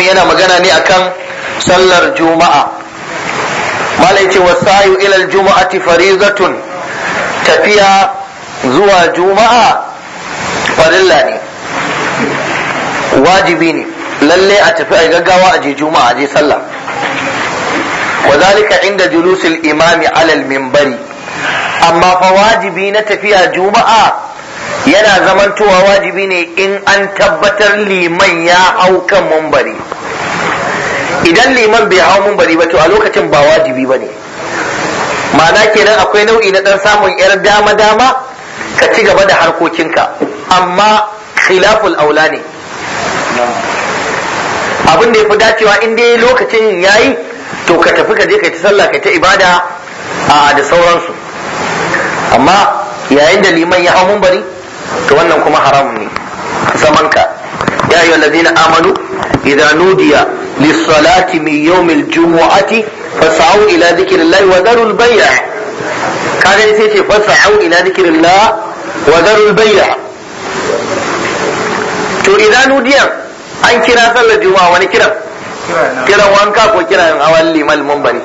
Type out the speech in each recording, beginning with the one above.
littafin yana magana ne akan sallar juma'a malai ce wasayu ilal juma'ati faridatun tafiya zuwa juma'a farilla ne wajibi ne lalle a tafi a gaggawa a je juma'a je sallah wa zalika inda julusul imami alal minbari amma fa wajibi na tafiya juma'a yana zamantowa wajibi ne in an tabbatar liman ya hau kan mumbari idan liman bai hau mumbari ba to a lokacin ba wajibi ba ne ma'ana kenan akwai nau'i na dan samun yar dama dama ka ci gaba da harkokinka amma khilaful aula ne abin da ya fi dacewa in dai lokacin yayi to ka tafi ka je ka ta sallah ka ta ibada da sauransu amma yayin da liman ya hau mumbari to wannan kuma haram ne zaman ka ya ayyuhal ladina amanu idza nudiya lis-salati min yawmil jumu'ati fas'au ila dhikrillahi wa dharul bay'a kaga sai ce fas'au ila dhikrillah wa darul bay'a to idza nudiya an kira sallar juma'a wani kiran kiran wanka ko kiran hawan limal munbari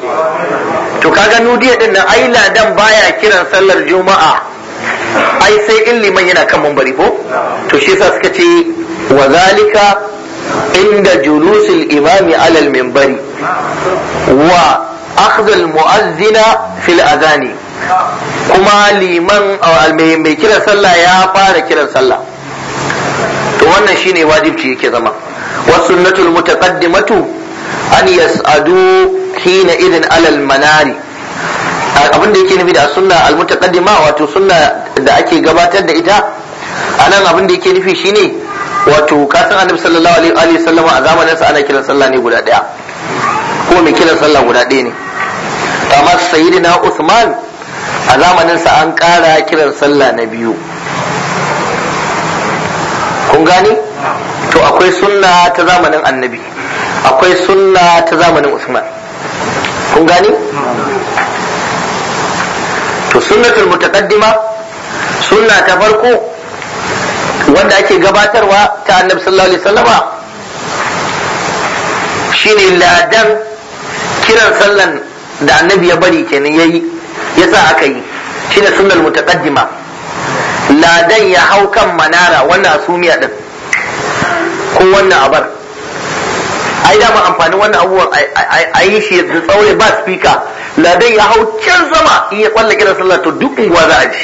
to kaga nudiya din nan ai ladan baya kiran sallar juma'a ai sai in liman yana kan mambari ko to shi yasa suka ce wa zalika inda julusul imami alal minbari wa akhdhal mu'azzina fil adhani kuma liman mai kiran sallah ya fara kiran sallah to wannan shine wajibci yake zama wa sunnatul mutaqaddimatu an yas'adu hina idin alal manari abin da yake nufi da sunna al mutaqaddima wato sunna da ake gabatar da ita a nan abin da yake nufi shine wato kasan annabi sallallahu alaihi wasallam a zamanin sa ana kiran sallah ne guda daya ko mai kiran sallah guda daya ne amma sayyidina Usman, a zamanin sa an ƙara kiran sallah na biyu kun gane to akwai sunna ta zamanin annabi akwai sunna ta zamanin Usman, kun gane to sunnatul mutaqaddima sunna ta farko wanda ake gabatarwa ta annabi sallallahu alaihi wasallama shine ladan kiran sallan da annabi ya bari kenan yayi yasa aka yi shine sunnal mutaqaddima ladan ya hau kan manara wannan asumiya din ko wannan abar ai da amfani wannan abubuwan a yi shi da tsaure ba speaker ladan ya hau can sama in ya kwalla kiran sallah to duk unguwa za a ji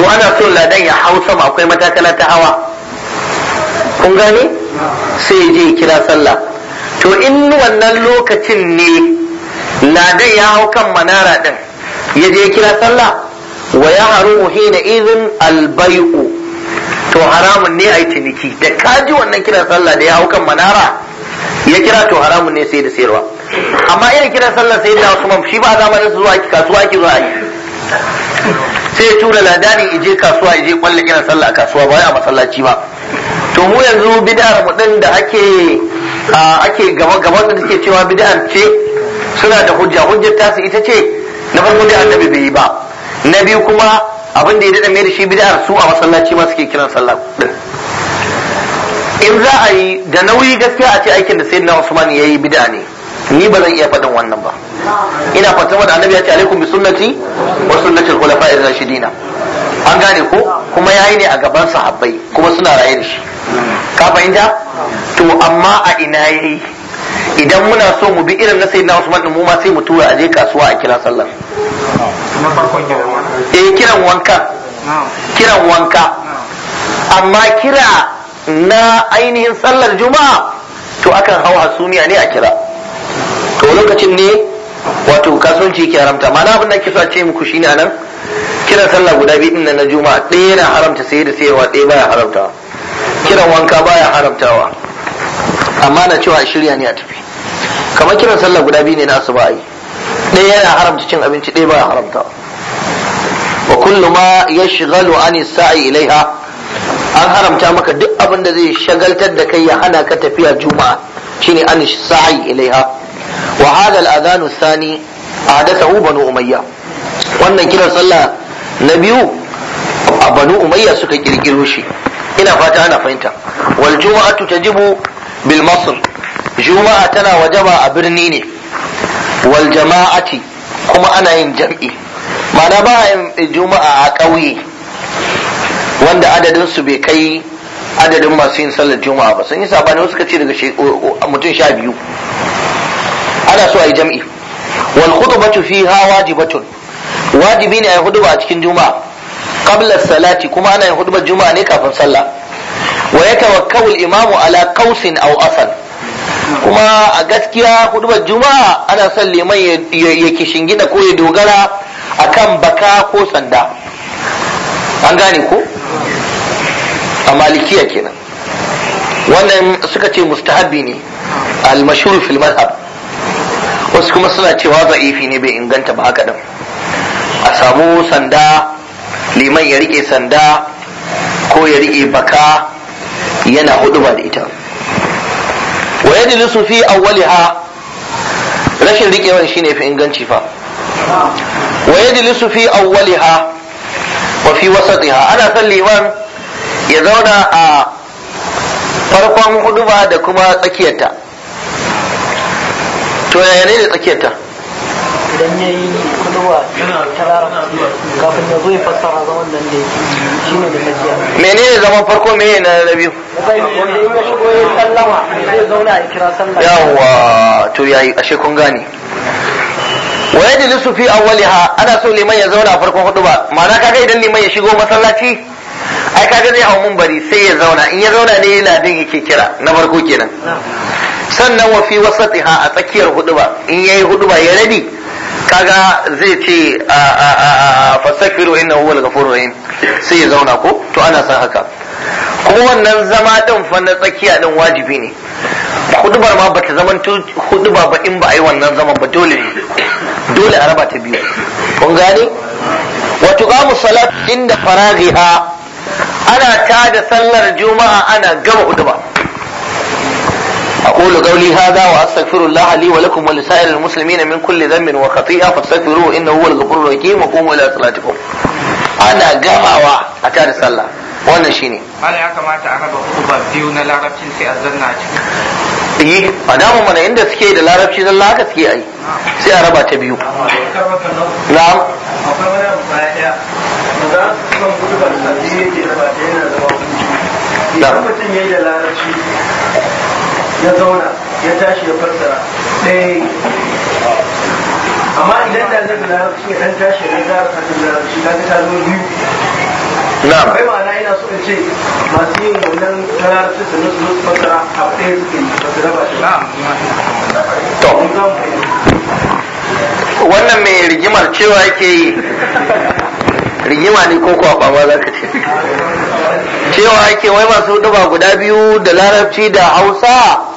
to ana so ladan ya hau sama akwai matakala ta hawa kun gane sai je kira sallah to in wannan lokacin ne ladan ya hau kan manara din ya je kira sallah wa ya haru hina izin albayu to haramun ne a yi ciniki da kaji wannan kiran sallah da ya hau kan manara ya kira to haramun ne sai da sayarwa amma irin kira sallah sai da wasu shi ba zamanin su zuwa kasuwa ki zuwa sai ya tura ladani ije kasuwa ije kwalla kiran sallah a kasuwa ba a masallaci ba to mu yanzu bid'ar mu din da ake ake gaba gaba da take cewa bid'ar ce suna da hujja hujjar ta su ita ce na farko da annabi bai yi ba na biyu kuma abin da ya dada mai da shi bid'ar su a masallaci ma suke kiran sallah in za a yi da nauyi gaskiya a ce aikin da sayyidina Usman yayi bid'a ne ni ba zan iya faɗin wannan ba ina fatawa da annabi ya ce alaikum bi sunnati wa sunnatul khulafa'ir rashidina an gane ko kuma yayi ne a gaban sahabbai kuma suna raye da shi ka fahimta to amma a ina yayi idan muna so mu bi irin na sayyidina Usman din mu ma sai mu tura aje kasuwa a kira sallar eh kiran wanka kiran wanka amma kira na ainihin sallar juma'a to akan hawa hasumiya ne a kira to lokacin ne wato kasuwanci yake haramta mana abin da ke so a ce muku shine anan kiran sallah guda biyu din na juma'a ɗaya na haramta sai da sayarwa ɗaya baya haramtawa kiran wanka baya haramtawa amma na cewa shirya ne a tafi kamar kiran sallah guda biyu ne na asuba ba'i ɗaya yana haramta cin abinci ɗaya baya haramtawa wa kullu ma yashghalu ani sa'i ilaiha an haramta maka duk abin da zai shagaltar da kai ya hana ka tafiya juma'a shine an sa'i ilaiha wa hada al-adhan thani ahadathu banu umayya wannan kiran sallah na biyu a banu umayya suka kirkiro shi ina fata ana fahimta wal juma'atu tajibu bil masr juma'a tana wajaba a birni ne wal jama'ati kuma ana yin jam'i Mana ba a yin juma'a a ƙauye wanda adadin su bai kai adadin masu yin sallar juma'a ba sun yi sabani wasu ka ce daga mutum sha biyu ana so a yi jam'i wal khutbatu fiha wajibatun wajibi ne a yi huduba a cikin juma'a qabla salati kuma ana yin hudubar juma'a ne kafin sallah wa kawul imamu ala qausin aw asal kuma a gaskiya hudubar juma'a ana son liman ya kishingida ko ya dogara akan baka ko sanda an gane ko a malikiya kenan wannan suka ce mustahabi ne al-mashhur fil madhhab wasu kuma suna cewa za'ifi ne bai inganta ba haka din a samu sanda liman ya rike sanda ko ya rike baka yana hudu ba da ita wa yajlisu fi awwaliha rashin rikewan shine fi inganci fa wa yajlisu fi awwaliha wa fi wasatiha ana son liman ya zauna a farkon huduba da kuma tsakiyarta to yaya ne tsakiyar ta idan ya yi kuduwa ta larabci kafin ya zo ya fassara zaman nan da shi ne da tafiya ne zaman farko mene na na biyu wanda in ya shigo ya sallama zai zauna a kira sallah yawa to yayi ashe kun gane wa yajlisu fi awwaliha ana so liman ya zauna farkon hudu ba ma'ana kaga idan liman ya shigo masallaci ai kaga zai hau mun bari sai ya zauna in ya zauna ne ladin yake kira na farko kenan sannan wa fi wasatiha a tsakiyar huduba in yayi huduba ya rabi kaga zai ce fastaghfiru innahu daga ghafurur rahim sai ya zauna ko to ana san haka kuma wannan zama din fa na tsakiya din wajibi ne hudubar ma bata zaman huduba ba in ba a yi wannan zaman ba dole ne dole a raba ta biyu kun gane wa tuqamu salat inda faraghiha ana tada sallar juma'a ana gama huduba أقول قولي هذا وأستغفر الله لي ولكم ولسائر المسلمين من كل ذنب وخطيئة فاستغفروه إنه هو الغفور الرحيم وقوموا إلى صلاتكم أنا جمع أتاري صلى wannan shine ana ya kamata a raba kutuba biyu na larabci sai a zanna a ciki yi a damu mana inda suke da larabci zalla haka suke yi sai a raba ta biyu na'am akwai wani yake ta yana mutum da larabci ya zauna ya tashi ya fassara ɗaya eh. amma idan da zai larabci ya dan tashi ne za ka tafi larabci ka ta zo biyu na'am kai ma'ana ina so in ce masu yin wannan larabci su nusu nusu fassara a ɗaya suke yi ba su raba shi na'am to wannan mai rigimar cewa yake yi rigima ne ko kuwa ɓama za ka ce cewa yake wai masu duba guda biyu da larabci da hausa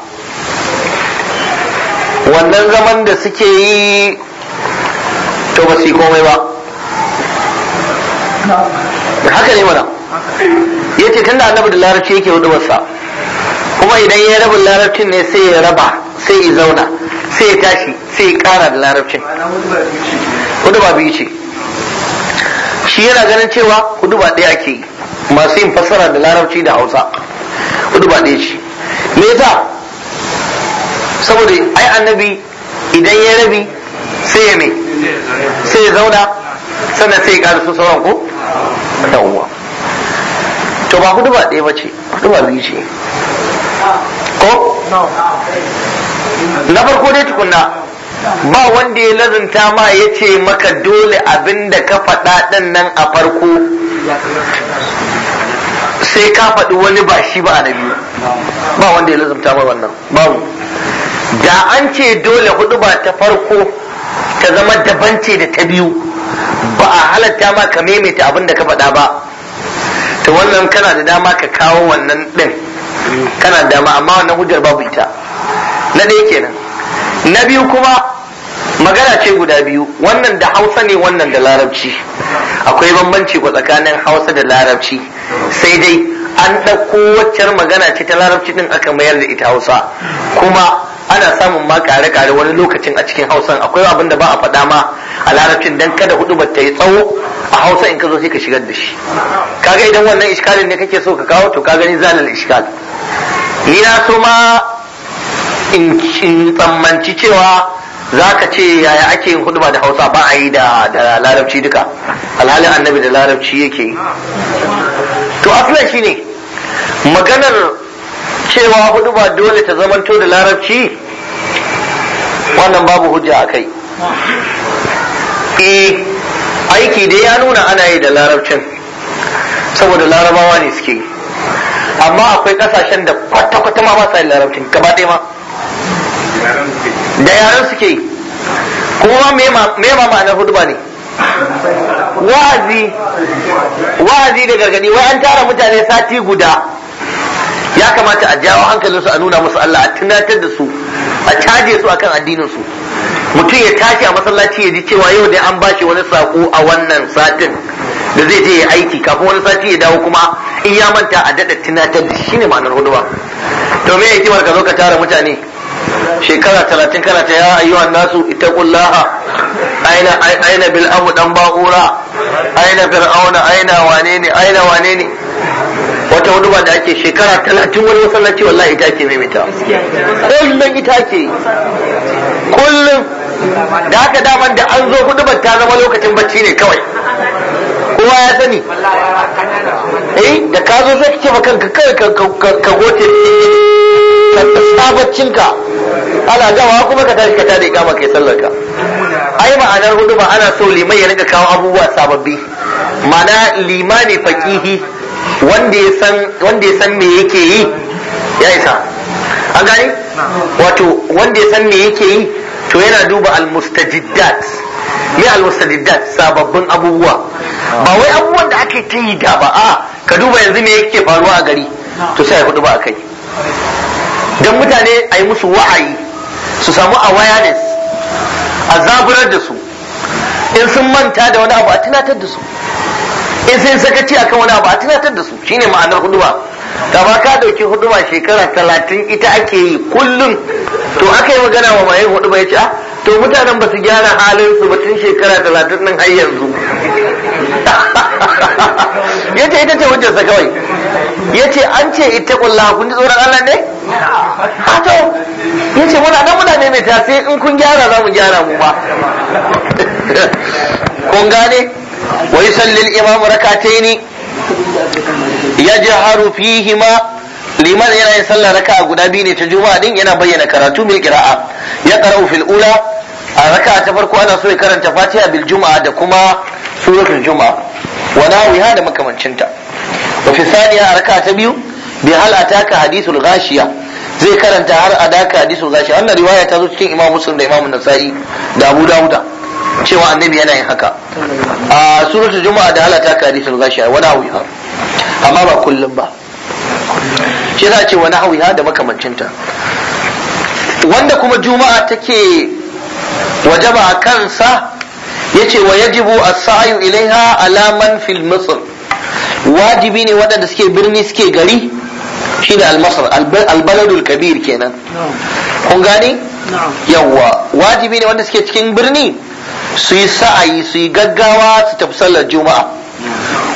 wannan zaman da suke yi to ba su yi komai ba da haka ne mana ya ce da annabi da larabci yake wasa kuma idan ya rabu larabcin ne sai ya raba sai ya zauna sai ya tashi sai ya kara da larabcin ba biyu ce shi yana ganin cewa ba ɗaya ke masu yin fassara da larabci da hausa ba ɗaya ce me yasa saboda ai annabi idan ya rabi sai ya me sai ya zauna sannan sai ya ƙara su sauran ko yawwa to ba hudu ba ɗaya ba ce hudu ba biyu ce ko na farko dai tukunna ba wanda ya lazanta ma ya ce maka dole abinda ka faɗa ɗin nan a farko sai ka faɗi wani ba shi ba a na biyu ba wanda ya lazunta ma wannan babu da an ce dole hudu ba ta farko ta zama daban ce da ta biyu ba a halatta ma ka maimaita abin da ka faɗa ba Ta wannan kana da dama ka kawo wannan ɗin kana da dama amma wannan hujjar babu ita na ɗaya kenan na biyu kuma magana ce guda biyu wannan da hausa ne wannan da larabci akwai bambanci ko tsakanin hausa da larabci sai dai an ɗauko waccar magana ce ta larabci ɗin aka mayar da ita hausa kuma ana samun ma kare kare wani lokacin a cikin hausan akwai abin da ba a faɗa ma a larabcin dan kada hudu ba ta yi tsawo a hausa in ka zo sai ka shigar da shi kaga idan wannan iskalin ne kake so ka kawo to ka gani zalal iskal ni na so ma in tsammanci cewa za ka ce yaya ake yin huduba da hausa ba a yi da larabci duka alhalin annabi da larabci yake yi. to aslan shi ne maganar cewa huɗuba dole ta zamanto da larabci wannan babu hujja a kai eh aiki dai ya nuna ana yi da larabcin saboda larabawa ne suke amma akwai kasashen da kwata-kwata ma ba sa yin larabcin gaba ɗaya ma da yaran suke kuma me ma ma'anar hudba ne wa'azi wa'azi da gargadi wai an tara mutane sati guda ya kamata a jawo hankalinsu a nuna musu Allah a tunatar da su a caje su akan addinin su mutum ya tashi a masallaci ya ji cewa yau dai an bashi wani sako a wannan satin da zai je ya aiki kafin wani sati ya dawo kuma in ya manta a daɗa tunatar da shi ne ma'anar huduba to me yake ka zo ka tara mutane shekara talatin kana ta ya ayyuhan nasu ita aina aina bil amu dan ba'ura aina fir'auna aina wane ne aina wane ne wata huduma ba da ake shekara talatin wani masallaci wallahi ita ake maimaita kullum ita ke. kullum da haka daman da an zo hudu ta zama lokacin bacci ne kawai kowa ya sani eh da ka zo sai kace kanka kawai ka goce ka tsabacin ka ala gawa kuma ka tashi ka tare ikama kai sallar ka ai ma'anar hudu ba ana so limai ya rika kawo abubuwa sababbi ma'ana limani fakihi wanda ya san me yake yi ya isa an gani wato wanda ya san me yake yi to yana duba almustajiddat me almustajiddat sababbin abubuwa ba wai abubuwan da ake ta yi da ba a ka duba yanzu me yake faruwa a gari to sai ya ba a kai don mutane a yi musu wa'ayi su samu awareness a zaburar da su in sun manta da wani abu a tunatar da su in sun sakaci akan wani abu a tunatar da su shine ma'anar huduba da ba ka dauki huduba shekara talatin ita ake yi kullum to aka yi magana wa mai huduba ya ce ah to mutanen ba su gyara halin su ba tun shekara talatin nan har yanzu ya ce ita ce sa kawai ya ce an ce ita kullum kun ji tsoron Allah ne? Ah, to ya ce muna dan mutane mai tasiri in kun gyara za mu gyara mu ba kun gane wa yusalli al-imam rak'atayn yajharu fihima liman yana yin sallah raka'a guda biyu ne ta juma'a din yana bayyana karatu bil qira'a ya qara'u fil ula a raka'a ta farko ana so ya karanta fatiha bil juma'a da kuma suratul juma'a wa nawiha da makamancinta wa fi a raka'a ta biyu bi hal ataka hadithul ghashiya zai karanta har adaka hadithul ghashiya wannan riwaya ta zo cikin imam muslim da imam nasa'i da abu dauda cewa annabi yana yin haka a suratul juma'a da halata ka hadisul gashiya wani hawiha amma ba kullum ba shi za a ce wani hawiha da makamancinta wanda kuma juma'a take wajaba a kansa ya ce wa yajibu as-sa'yu ilaiha alaman fil misr wajibi ne waɗanda suke birni suke gari shi al Almasar, al kabir kenan kun gane yawwa wajibi ne wanda suke cikin birni su yi sa'ayi su yi gaggawa su tafi sallar juma'a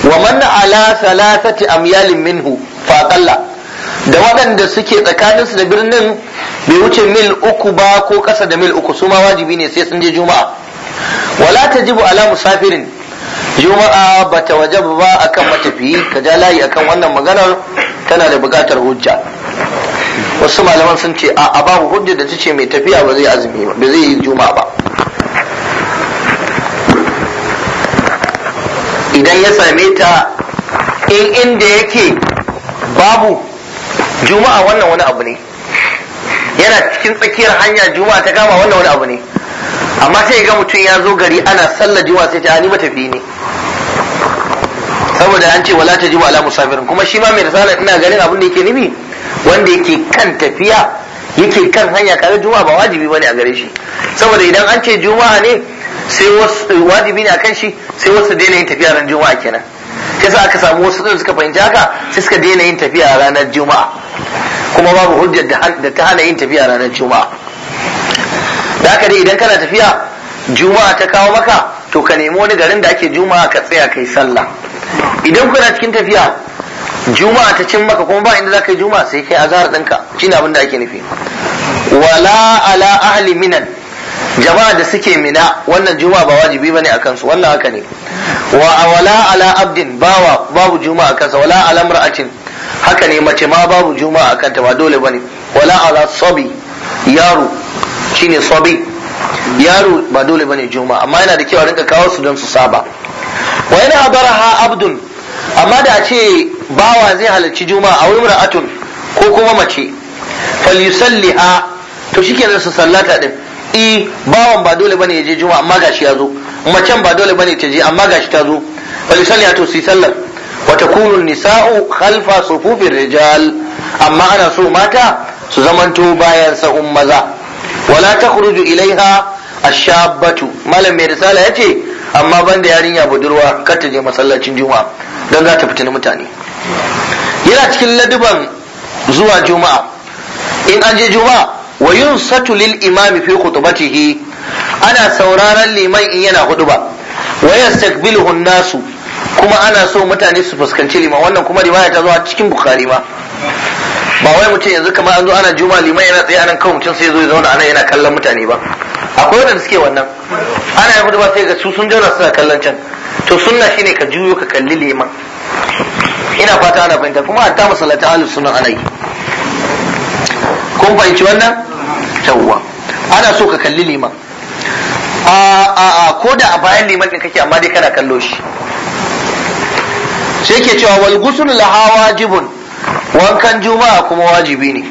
wa man ala salatati amyalin minhu faqalla da waɗanda suke tsakanin su da birnin bai wuce mil uku ba ko ƙasa da mil uku su ma wajibi ne sai sun je juma'a wala tajibu ala musafirin juma'a bata wajaba ba akan matafiyi ka ja layi akan wannan maganar tana da buƙatar hujja wasu malaman sun ce a babu hujja da ta ce mai tafiya ba zai azumi ba zai yi juma'a ba idan ya same ta in inda yake babu juma'a wannan wani abu ne yana cikin tsakiyar hanya juma'a ta kama wannan wani abu ne amma sai ga mutum ya zo gari ana sallar juma'a sai ta ni tafi ne saboda an ce wala ta ji ala musafirin kuma shi ma mai risala ina ganin abin da yake nimi wanda yake kan tafiya yake kan hanya kaga juma'a ba wajibi bane a gare shi saboda idan an ce juma'a ne sai wasu eh, wajibi ne akan shi sai wasu daina yin tafiya ran juma'a kenan sa aka samu wasu suka fahimci haka sai suka daina yin tafiya ranar juma'a kuma babu hujjar da ta hana yin tafiya ranar juma'a da haka dai idan kana tafiya juma'a ta kawo maka to ka nemi wani garin da ake juma'a ka tsaya kai sallah idan kuna cikin tafiya juma'a ta cin maka kuma ba inda za ka yi juma'a sai kai azhar ɗinka shine abin da ake nufi wala ala ahli minan jama'a da suke mina wannan juma'a ba wajibi bane akan su wannan haka ne wa wala ala abdin bawa babu juma'a akan sa wala ala mar'atin haka ne mace ma babu juma'a akan ta ba dole bane wala ala sabi yaro shine sabi yaro ba dole bane juma'a amma yana da kyau a rinka kawo su don su saba wa yana baraha abdun amma da a ce bawa zai halarci juma'a a wurin ra'atun ko kuma mace falyusalliha to shikenan su sallata din i bawan ba dole bane ya je juma'a amma gashi ya zo macen ba dole bane ta je amma gashi ta zo bal salliya to su sallar wa takunu nisa'u khalfa sufufir rijal amma ana so mata su zamanto bayan sahun maza wala takhruju ilaiha ashabatu malam mai risala yace amma banda yarinya budurwa kar ta je masallacin juma'a dan za ta fitina mutane yana cikin ladiban zuwa juma'a in an je juma'a wa satu lil imami fi khutbatihi ana sauraron liman in yana huduba wa yastaqbiluhu nasu kuma ana so mutane su fuskanci liman wannan kuma riwaya ta zo a cikin bukhari ma ba wai mutum yanzu kamar an zo ana juma liman yana tsaye anan kawai mutum sai zo ya zauna anan yana kallon mutane ba akwai wanda suke wannan ana yi hudu ba sai ga su sun jona suna kallon can to sunna shine ka juyo ka kalli liman ina fata ana fahimta kuma hatta masallatan ahlus sunna ana yi kun fahimci wannan yawwa ana so ka kalli liman a ko da a bayan liman din kake amma dai kana kallo shi sai ke cewa wal gusul laha wajibun wankan juma'a kuma wajibi ne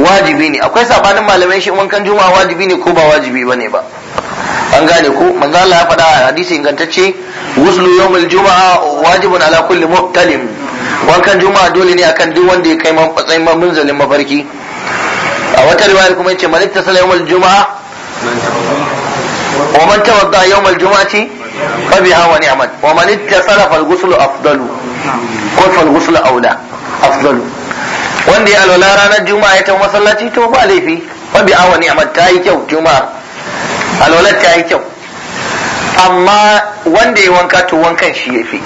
wajibi ne akwai sabanin malamai shi wankan juma'a wajibi ne ko ba wajibi bane ba an gane ko manzo Allah ya faɗa a hadisi ingantacce guslu yawmul juma'a wajibun ala kulli muqtalim wankan juma'a dole ne akan duk wanda ya kai matsayin munzalin mafarki a wata riwayar kuma yace man ittasala yawmal juma'a wa man tawadda yawmal juma'ati fa biha wa ni'mat wa man ittasala fal ghuslu afdalu ko fal ghuslu aula afdalu wanda ya alwala ranar juma'a ya tafi masallaci to ba laifi fa biha wa ni'mat ta yi kyau juma'a alwala ta yi kyau amma wanda ya wanka to wankan shi yafi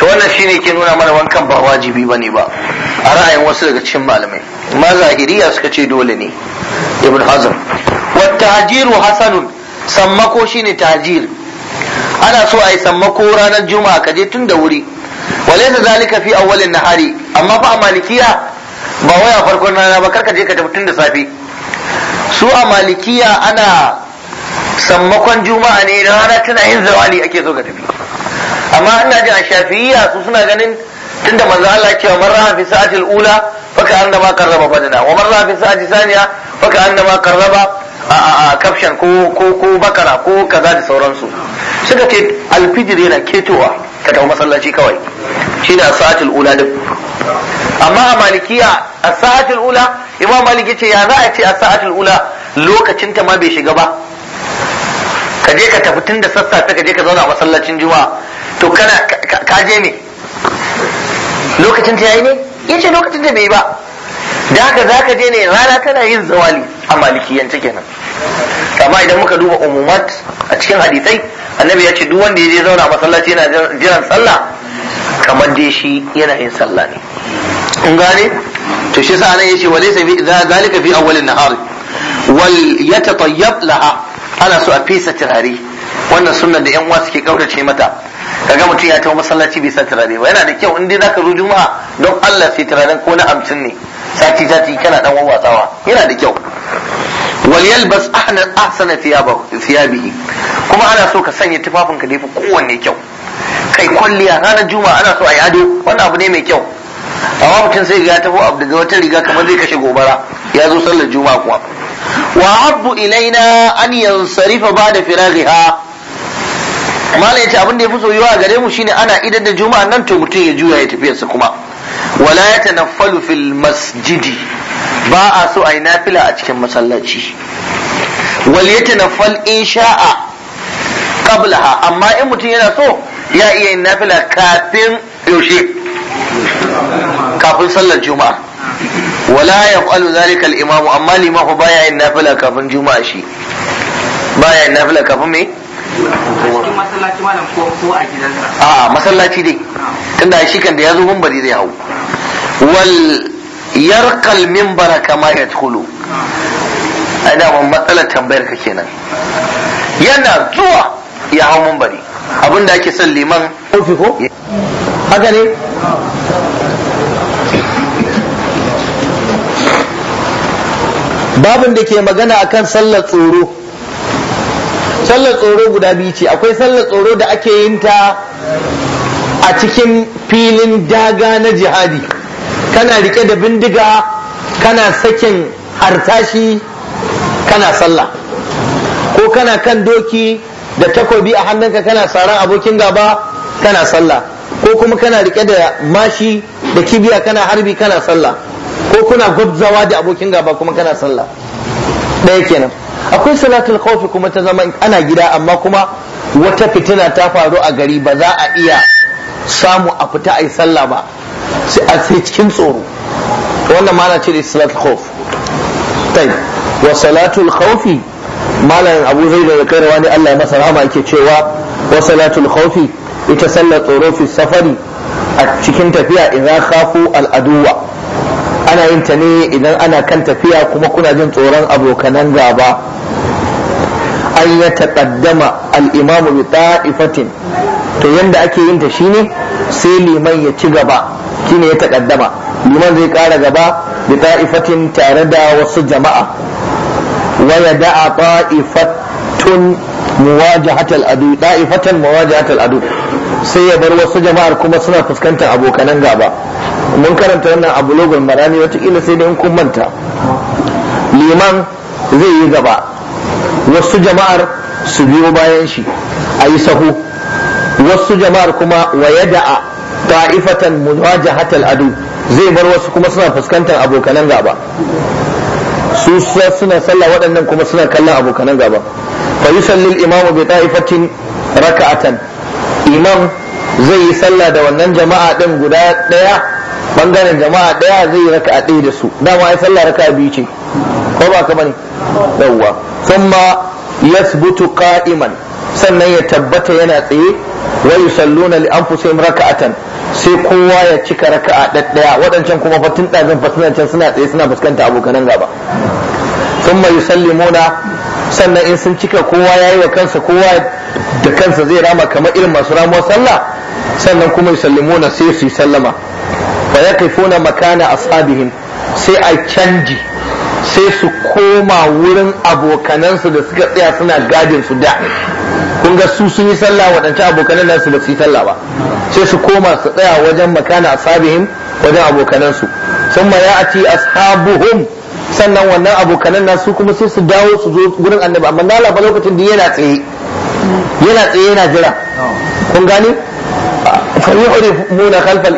to wannan shine ke nuna mana wankan ba wajibi bane ba a ra'ayin wasu daga cikin malamai ma zahiriya suka ce dole ne ibn hazm wa tajiru hasanun sammako shine tajir ana so a yi sammako ranar juma'a ka je tun da wuri walaysa zalika fi na hari. amma fa a malikiya ba waya farkon rana ba karka je ka tafi tun da safe su a malikiya ana sammakon juma'a ne rana tana yin zawali ake so ka tafi amma ina ji a shafi'iyya su suna ganin tunda manzo Allah cewa man raha fi sa'atil ula faka ka ma qarraba badana wa man raha fi sa'ati thaniya faka ka ma qarraba a kafshan ko ko ko bakara ko kaza da sauransu suka ce alfijir yana ketowa ka tafi masallaci kawai shine sa'atil ula din amma a malikiya a sa'atul ula imam maliki ce ya za a ce a sa'atul ula lokacin ta ma bai shiga ba ka je ka tafi tun da sassafe ka je ka zauna a masallacin juma'a to kana ka je ne lokacin ta yayi ne ya ce lokacin da bai ba da haka za ka je ne rana tana yin zawali a malikiyance kenan amma idan muka duba umumat a cikin hadisai annabi ya ce duk wanda ya je zauna masallaci yana jiran sallah kamar dai shi yana yin sallah ne kun gane to shi sa nan yace wale bi zalika fi awwalin nahar wal yatatayyab laha ana so a fisa turare wannan sunnar da yan uwa suke kaurace mata kaga mutum ya tawo masallaci bai sa turare ba yana da kyau in dai zaka zo juma'a don Allah sai turaren ko na amsin ne sati sati kana dan wawatsawa yana da kyau wal yalbas ahna ahsana thiyabihi kuma ana so ka sanya tufafin ka da kowanne kyau kai kulliya ranar juma'a ana so a yi ado wannan abu ne mai kyau amma mutum sai ya tafi abu daga wata riga kamar zai kashe gobara ya zo sallar juma'a kuwa wa habbu ilaina an yansarifa ba da firaghiha malai ta abin da ya yafi soyuwa gare mu shine ana idan da juma'a nan to mutum ya juya ya tafi tafiyarsa kuma wala yatanaffalu fil masjidi ba a so ayi nafila a cikin masallaci wal yatanaffal in sha'a qablaha amma in mutum yana so ya iya yin nafila kafin yaushe kafin sallar juma'a wala yaf'alu zalika al imamu amma limahu baya yin nafila kafin juma'a shi baya yin nafila kafin me masallaci a a'a masallaci dai tunda shi kan da ya zo mimbari zai hau wal yarqal mimbara kama tulu ai da ban matsalar tambayar ka kenan yana zuwa ya hau mimbari abinda ake son liman ofi ko haka ne babin da ke magana akan sallar tsoro sallar tsoro guda biyu ce akwai sallar tsoro da ake yin ta a cikin filin daga na jihadi kana rike da bindiga kana sakin hartashi kana sallah ko kana kan doki da takobi a hannunka kana saran abokin gaba kana sallah ko kuma kana rike da mashi da kibiya kana harbi kana sallah ko kuna gwabzawa da abokin gaba kuma kana sallah ɗaya kenan akwai salatul khawfi kuma ta zama ana gida amma kuma wata fitina ta faru a gari ba za a iya samu a fita a yi sallah ba sai a sai cikin tsoro wannan mana ce da salatul khawf tayi wa salatul khawfi malamin abu zai da kai rawani Allah ya masa rahama yake cewa wa salatul khawfi ita sallar tsoro fi safari a cikin tafiya idan khafu al aduwa ana yin ta ne idan ana kan tafiya kuma kuna jin tsoron abokanan gaba an ya taƙaddama al'imamu bi ta'ifatin to yanda ake yin ta shine sai liman ya ci gaba shine ya taƙaddama liman zai ƙara gaba bi ta'ifatin tare da wasu jama'a waya da'a ta'ifatun muwajahatal adu ta'ifatan muwajahatal adu sai ya bar wasu jama'ar kuma suna fuskantar abokanan gaba mun karanta wannan abu logon marani watakila sai dai in kun manta liman zai yi gaba wasu jama'ar su biyo bayan shi a yi sahu wasu jama'ar kuma wa yada'a ta'ifatan muwajahatal adu zai bar wasu kuma suna fuskantar abokanan gaba su suna sallah waɗannan kuma suna kallon abokanan gaba fa yusalli imam bi ta'ifatin raka'atan imam zai yi sallah da wannan jama'a ɗin guda ɗaya bangaren jama'a daya zai raka a ɗaya da su dama ya sallah raka biyu ce ko ba ka bane yawwa ya yasbutu qa'iman sannan ya tabbata yana tsaye wa yusalluna li anfusihim raka'atan sai kowa ya cika raka'a ɗaya waɗancan kuma fatin ɗazin fatin suna tsaye suna fuskanta abokanan gaba thumma yusallimuna sannan in sun cika kowa ya yi wa kansa kowa da kansa zai rama kamar irin masu ramuwar sallah sannan kuma yusallimuna sai su yi sallama fayaqifuna makana ashabihim sai a canji sai su koma wurin abokanansu da suka tsaya suna gadin su da kun ga su sun yi sallah waɗancan abokanan nasu ba su yi sallah ba sai su koma su tsaya wajen makana ashabihim wajen abokanansu sun ya ya'ti ashabuhum sannan wannan abokanan nasu kuma sai su dawo su zo gurin annabi amma na ba lokacin da yana tsaye yana tsaye yana jira kun gani fa yuhrimuna khalfal